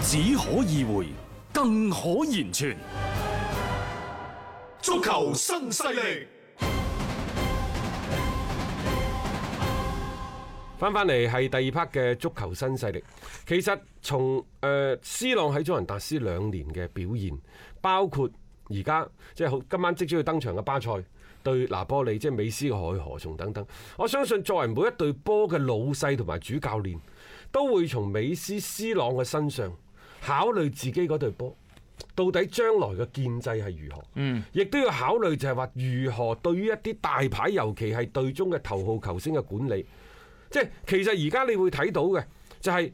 只可意會，更可言傳。足球新勢力，翻返嚟係第二 part 嘅足球新勢力。其實從誒，斯朗喺祖雲達斯兩年嘅表現，包括。而家即係好，今晚即將要登場嘅巴塞對拿波利，即係美斯嘅何去何從等等。我相信作為每一隊波嘅老細同埋主教練，都會從美斯、斯朗嘅身上考慮自己嗰隊波到底將來嘅建制係如何。嗯，亦都要考慮就係話如何對於一啲大牌，尤其係隊中嘅頭號球星嘅管理。即係其實而家你會睇到嘅就係、是。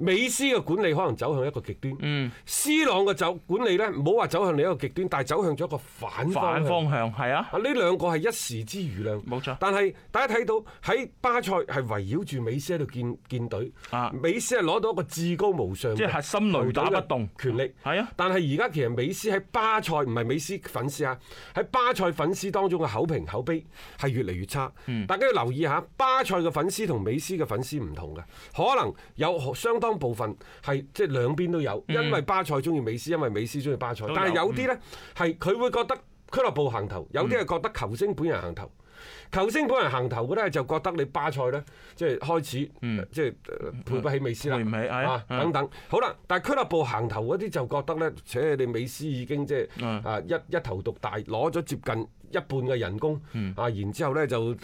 美斯嘅管理可能走向一個極端，嗯，C 朗嘅走管理呢，唔好話走向另一個極端，但係走向咗一個反反方向。係啊，呢兩個係一時之瑜亮，冇錯。但係大家睇到喺巴塞係圍繞住美斯喺度建建隊，啊，美斯係攞到一個至高無上，即係核心雷打不動權力，係啊。但係而家其實美斯喺巴塞唔係美斯粉絲啊，喺巴塞粉絲當中嘅口評口碑係越嚟越差，嗯，大家要留意一下巴塞嘅粉絲同美斯嘅粉絲唔同嘅，可能有相當。部分係即係兩邊都有，因為巴塞中意美斯，嗯、因為美斯中意巴塞。有但係有啲呢，係佢、嗯、會覺得俱樂部行頭，有啲係覺得球星本人行頭。嗯、球星本人行頭嘅呢，就覺得你巴塞呢，即、就、係、是、開始即係配不起美斯啦，哎、啊等等。嗯、好啦，但係俱樂部行頭嗰啲就覺得呢，且、就是、你美斯已經即、就、係、是嗯、啊一一頭獨大，攞咗接近一半嘅人工、嗯、啊，然之後呢，就。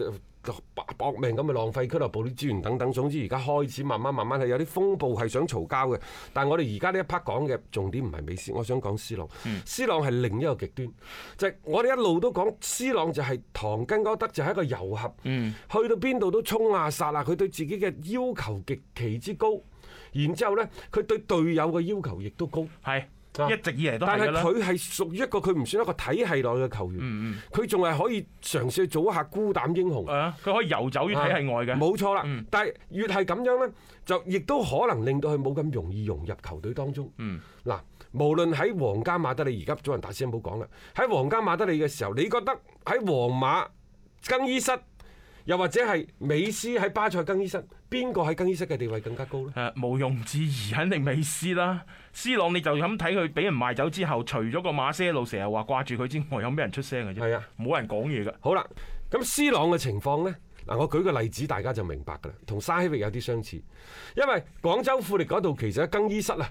搏命咁咪浪費，俱樂部啲資源等等。總之而家開始慢慢慢慢係有啲風暴，係想嘈交嘅。但係我哋而家呢一 part 講嘅重點唔係美斯，我想講 C 朗。C 朗係另一個極端，就係、是、我哋一路都講 C 朗就係唐根戈德，就係一個遊俠。嗯，去到邊度都衝啊殺啊！佢對自己嘅要求極其之高，然之後呢，佢對隊友嘅要求亦都高。係。一直以嚟都係，但係佢係屬於一個，佢唔算一個體系內嘅球員，佢仲係可以嘗試去做一下孤膽英雄、啊。佢可以游走於體系外嘅、啊。冇錯啦。嗯、但係越係咁樣呢，就亦都可能令到佢冇咁容易融入球隊當中。嗱，無論喺皇家馬德里，而家祖雲達斯唔好講啦。喺皇家馬德里嘅時候，你覺得喺皇馬更衣室？又或者係美斯喺巴塞更衣室，邊個喺更衣室嘅地位更加高咧？誒、啊，毋庸置疑，肯定美斯啦。C 朗你就咁睇佢，俾人賣走之後，除咗個馬些路成日話掛住佢之外，有咩人出聲嘅啫？係啊的，冇人講嘢㗎。好啦，咁 C 朗嘅情況咧，嗱我舉個例子，大家就明白㗎啦。同沙希域有啲相似，因為廣州富力嗰度其實更衣室啊。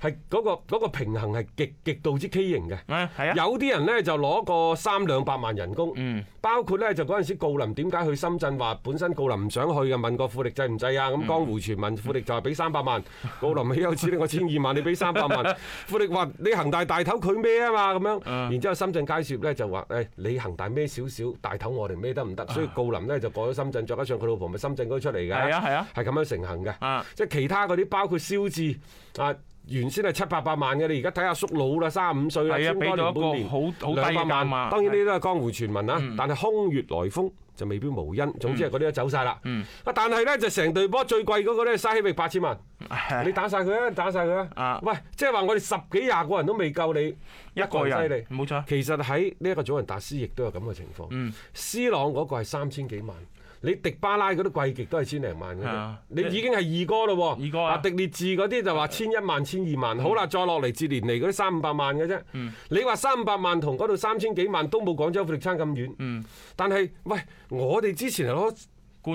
係嗰、嗰個嗰個平衡係極極度之畸形嘅，係啊！有啲人咧就攞個三兩百萬人工，嗯，包括咧就嗰陣時郜林點解去深圳話本身郜林唔想去嘅，問個富力制唔制啊？咁江湖傳聞富力就話俾三百萬，郜、嗯、林咪有錢，我千二萬你俾三百萬，萬 富力話你恒大大頭佢咩啊嘛咁樣，嗯、然之後深圳佳兆業咧就話誒、哎、你恒大咩少少大頭我哋咩得唔得？所以郜林咧就過咗深圳，再加上佢老婆咪深圳嗰出嚟嘅，係啊係啊，係咁樣成行嘅，啊、即係其他嗰啲包括肖智。啊。原先係七八百萬嘅，你而家睇下叔老啦，三十五歲啦，先多年半年，兩百萬。當然呢啲都係江湖傳聞啦，但係空穴來風就未必無因。總之係嗰啲都走晒啦。啊，但係咧就成隊波最貴嗰個咧，沙希域八千萬，你打晒佢啊！打晒佢啊！喂，即係話我哋十幾廿個人都未夠你一個人犀利，冇錯。其實喺呢一個祖雲達斯亦都有咁嘅情況。嗯，C 朗嗰個係三千幾萬。你迪巴拉嗰啲貴極都係千零萬嗰啲，你已經係二哥咯喎，二哥，阿迪列治嗰啲就話千一萬、千二萬，好啦，再落嚟至連嚟嗰啲三五百萬嘅啫。你話三五百萬同嗰度三千幾萬都冇廣州富力差咁遠但是。但係喂，我哋之前係攞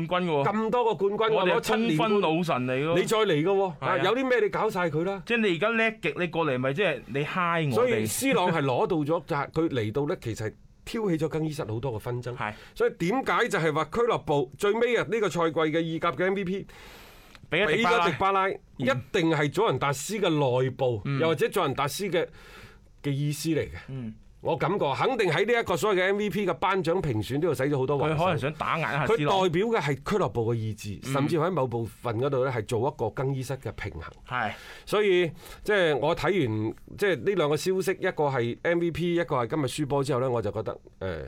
冠軍喎，咁多個冠軍，我哋七連冠老神嚟咯。你再嚟嘅喎，有啲咩你搞晒佢啦？即係你而家叻極，你過嚟咪即係你嗨我哋。所以 C 朗係攞到咗，但係佢嚟到咧，其實。挑起咗更衣室好多嘅紛爭，是所以點解就係話俱樂部最尾啊呢個賽季嘅意甲嘅 MVP 俾俾咗迪巴拉，一定係祖雲達斯嘅內部，嗯、又或者祖雲達斯嘅嘅意思嚟嘅。嗯。我感覺肯定喺呢一個所謂嘅 MVP 嘅頒獎評選呢度使咗好多。佢可能想打壓一下。佢代表嘅係俱樂部嘅意志，嗯、甚至喺某部分嗰度咧係做一個更衣室嘅平衡。係，所以即係、就是、我睇完即係呢兩個消息，一個係 MVP，一個係今日輸波之後咧，我就覺得誒、呃，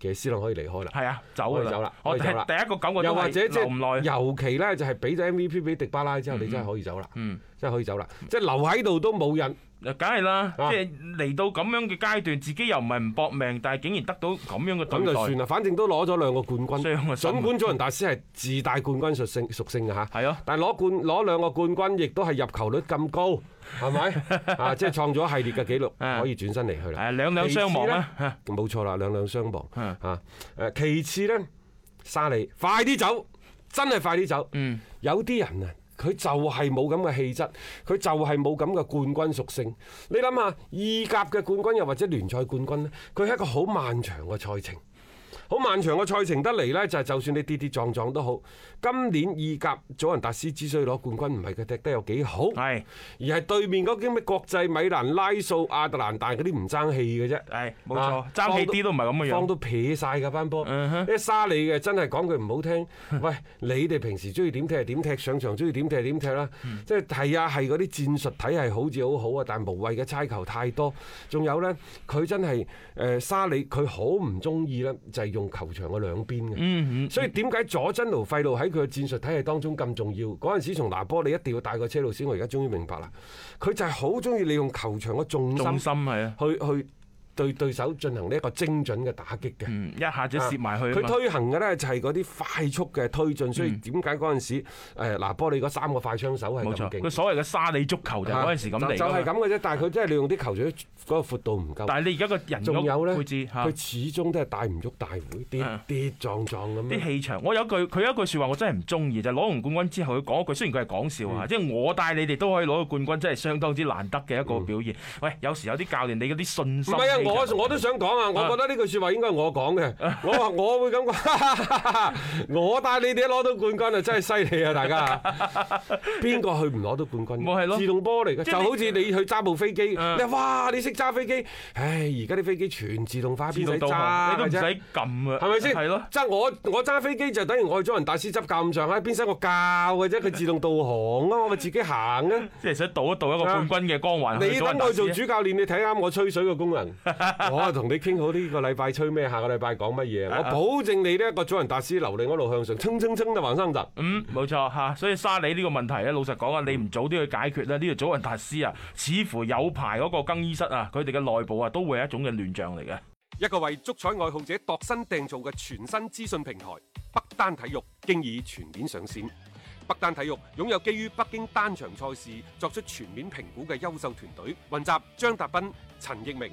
其實斯朗可以離開啦。係啊，走啦，可以走啦。我聽第一個感覺又或者即係，尤其咧就係俾咗 MVP 俾迪巴拉之後，你真係可以走啦。嗯。嗯。即係可以走啦，即係留喺度都冇人，嗱，梗係啦，即係嚟到咁樣嘅階段，自己又唔係唔搏命，但係竟然得到咁樣嘅對待，咁就算啦，反正都攞咗兩個冠軍，儘管祖雲達斯係自帶冠軍屬性屬性嘅嚇，係啊，但係攞冠攞兩個冠軍，亦都係入球率咁高，係咪啊？即係創咗系列嘅紀錄，可以轉身嚟去啦。誒，兩兩相忘啦，冇錯啦，兩兩相忘嚇。誒，其次咧，沙利快啲走，真係快啲走。嗯，有啲人啊。佢就係冇咁嘅氣質，佢就係冇咁嘅冠軍屬性。你諗下，意甲嘅冠軍又或者聯賽冠軍呢，佢係一個好漫長嘅賽程。好漫長嘅賽程得嚟咧，就係就算你跌跌撞撞都好。今年意甲祖雲達斯之所以攞冠軍不是他，唔係佢踢得有幾好，係是而係對面嗰啲咩國際米蘭、拉素、亞特蘭大嗰啲唔爭氣嘅啫。係冇、哎、錯，啊、爭氣啲都唔係咁嘅樣，放都撇晒嘅班波。啲、uh huh. 沙利嘅真係講句唔好聽， 喂，你哋平時中意點踢係點踢，上場中意點踢係點踢啦。即係係啊是，係嗰啲戰術體系好似好好啊，但無謂嘅差球太多。仲有咧，佢真係誒沙利佢好唔中意啦，就係、是、用。球場嘅兩邊嘅，所以點解佐真奴費路喺佢嘅戰術體系當中咁重要？嗰陣時從拿波，你一定要帶個車路士，我而家終於明白啦。佢就係好中意利用球場嘅重心，去去。對對手進行呢一個精準嘅打擊嘅、嗯，一下子蝕埋去，啊。佢推行嘅咧就係嗰啲快速嘅推進，所以點解嗰陣時嗱，波利嗰三個快槍手係咁勁。佢所謂嘅薩里足球就嗰陣時咁嚟，啊。就係咁嘅啫，啊、但係佢真係利用啲球場嗰、嗰個闊度唔夠。但係你而家個人仲有咧？佢、啊、始終都係帶唔喐大會跌、啊、跌撞撞咁、啊。啲氣場，我有句佢有一句説話，我真係唔中意，就攞、是、完冠軍之後，佢講一句，雖然佢係講笑啊，即係、嗯、我帶你哋都可以攞到冠軍，真係相當之難得嘅一個表現。嗯、喂，有時有啲教練，你嗰啲信心。我我都想講啊！我覺得呢句説話應該係我講嘅。我話我會咁講，我帶你哋攞到冠軍啊，真係犀利啊！大家，邊個去唔攞到冠軍？冇係咯，自動波嚟嘅，就好似你去揸部飛機。你話哇，你識揸飛機？唉，而家啲飛機全自動化，邊使揸？你都唔使撳㗎，係咪先？係咯。即係我我揸飛機就等於外星人大師執教咁上啦，邊使我教嘅啫？佢自動導航咯，我咪自己行咧。即係想盜一盜一個冠軍嘅光環。你等我做主教練，你睇啱我吹水嘅工人。 我啊，同你傾好呢個禮拜吹咩，下個禮拜講乜嘢。我保證你呢一個祖雲達斯留力一路向上，蹭蹭蹭就還生集。嗯，冇錯吓。所以沙里呢個問題咧，老實講啊，你唔早啲去解決咧，呢、這個祖雲達斯啊，似乎有排嗰個更衣室啊，佢哋嘅內部啊，都會一種嘅亂象嚟嘅。一個為足彩愛好者度身訂造嘅全新資訊平台北單體育，經已全面上線。北單體育擁有基於北京單場賽事作出全面評估嘅優秀團隊，雲集張達斌、陳奕明。